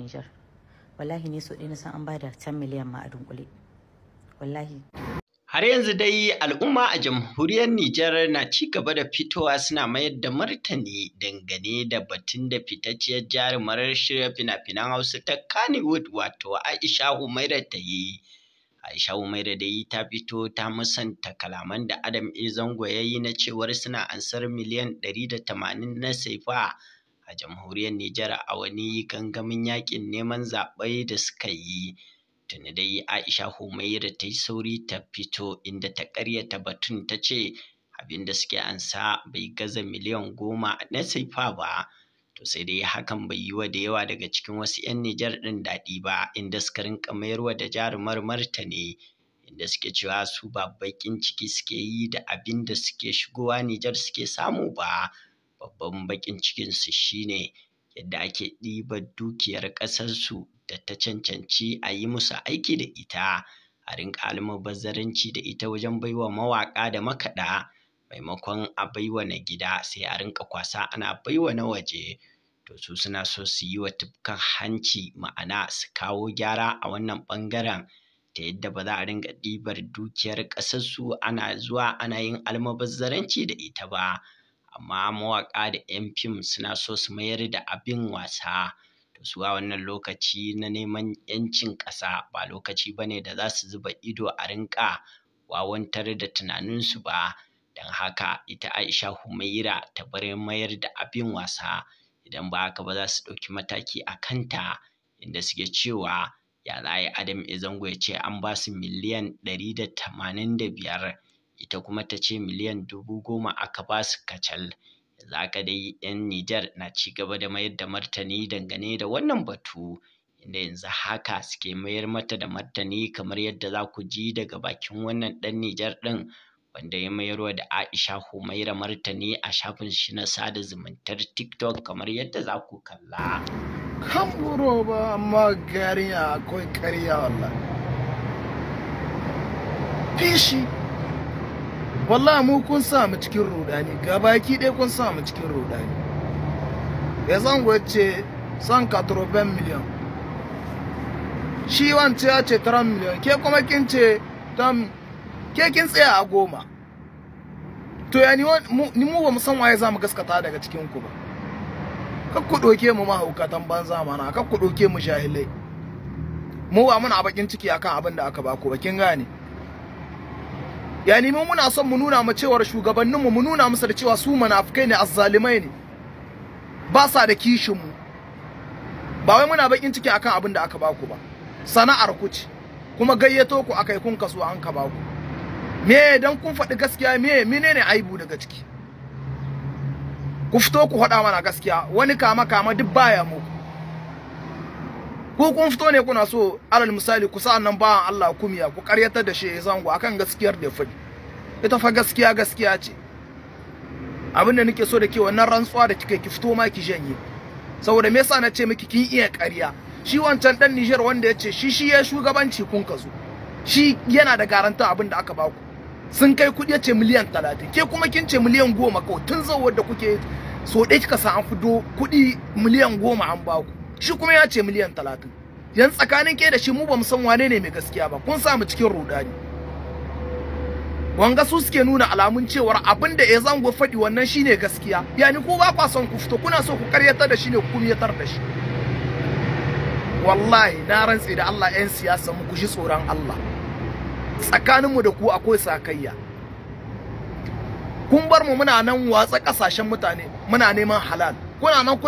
Nijar. Wallahi ne so na san an da 10 miliyan ma a dunkule. Wallahi. Har yanzu dai al'umma a jamhuriyar Nijar na ci gaba da fitowa suna mayar da martani dangane da batun da fitacciyar jarumar shirya fina-finan Hausa ta Kannywood wato Aisha umaira ta yi. Aisha Umaira yi ta fito ta musanta kalaman da Adam A Zango ya yi na cewar suna ansar miliyan 180 na saifa a jamhuriyar Nijar a wani gangamin yaƙin neman zaɓe da suka yi tuni dai Aisha Humaira ta yi sauri ta fito inda ta ƙaryata batun ta ce abin da suke ansa bai gaza miliyan goma na sifa ba to sai dai hakan bai yi wa da yawa daga cikin wasu 'yan Nijar ɗin daɗi ba inda suka mayar mayarwa da jarumar martani inda suke cewa su ba baƙin ciki suke yi da abin da suke shigowa Nijar suke samu ba babban baƙin cikinsu shine yadda ake ɗibar dukiyar ƙasarsu da ta cancanci a yi musu aiki da ita a rinƙa almubazzaranci da ita wajen baiwa mawaƙa da makaɗa maimakon a baiwa na gida sai a rinƙa kwasa ana baiwa na waje to su suna so su yi wa tufkan hanci ma'ana su kawo gyara a wannan ɓangaren ta yadda ba za a rinƙa ɗibar dukiyar ƙasarsu ana zuwa ana yin almubazzaranci da ita ba amma mawaƙa da 'yan fim suna so su mayar da abin wasa to suwa wannan lokaci na neman 'yancin ƙasa ba lokaci ba ne da za su zuba ido a rinƙa wawantar da tunaninsu ba don haka ita aisha humaira ta bar mayar da abin wasa idan ba haka ba za su ɗauki mataki a kanta inda suke cewa ya za a adam zango ya ce an ba su miliyan ɗari da tamanin da biyar ita kuma ta ce miliyan dubu goma aka ba su kacal za ka dai 'yan Nijar na ci gaba da mayar da martani dangane da wannan batu inda yanzu haka suke mayar mata da martani kamar yadda za ku ji daga bakin wannan ɗan Nijar ɗin wanda ya mayarwa da Aisha Humaira martani a shafin shi na sada zumuntar TikTok kamar yadda za ku kalla. Kan ba amma gariya akwai karya Fishi wallahi mu kun sa mu cikin rudani baki ɗaya kun sa mu cikin rudani ya zan wacce san 80 million shi wance ya ce taron million ke kuma kin ce tam ke kin tsaya a goma to ya ni mu ba mu san waye za mu gaskata daga cikin ku ba kak ku ɗauke mu mahaukatan ban zamana. kak ku ɗauke mu jahilai mu ba muna bakin ciki akan abin da aka ku ba kin gane yani mu muna son mu nuna ma cewar shugabannin mu nuna musu da cewa su munafukai ne azzalimai ne ba sa da kishin mu ba wai muna bakin ciki akan abin da aka ba ku ba sana'ar ku ce kuma gayyato ku akai kun kaso an ka ku me dan kun faɗi gaskiya me menene aibu daga ciki ku fito ku faɗa mana gaskiya wani kama kama duk baya muku ko kun fito ne kuna so alal misali ku sa nan bawan Allah kumiya ku karyatar da shi ya zango akan gaskiyar da fadi ita fa gaskiya gaskiya ce abin da nake so da ke wannan rantsuwa da kika ki fito ma ki janye saboda me yasa na ce miki kin iya ƙarya shi wancan dan Niger wanda ya ce shi shi ya shugabanci kun ka zo shi yana da garanta abin da aka baku sun kai kuɗi yace ce miliyan 30 ke kuma kin ce miliyan 10 kawai tun zawar da kuke so dai kika sa an fido kudi miliyan 10 an baku shi kuma ya ce miliyan talatin yan tsakanin ke da shi mu bamu san wane ne mai gaskiya ba kun sa cikin rudani wanga su suke nuna alamun cewar abin da ya zango faɗi wannan shine gaskiya yani ku ba kwa son ku fito kuna so ku karyata da shi ne ku kumyatar da shi wallahi na rantse da Allah 'yan siyasa mu kushi tsoron Allah tsakaninmu da ku akwai sakayya kun bar mu muna nan watsa kasashen mutane muna neman halal kuna nan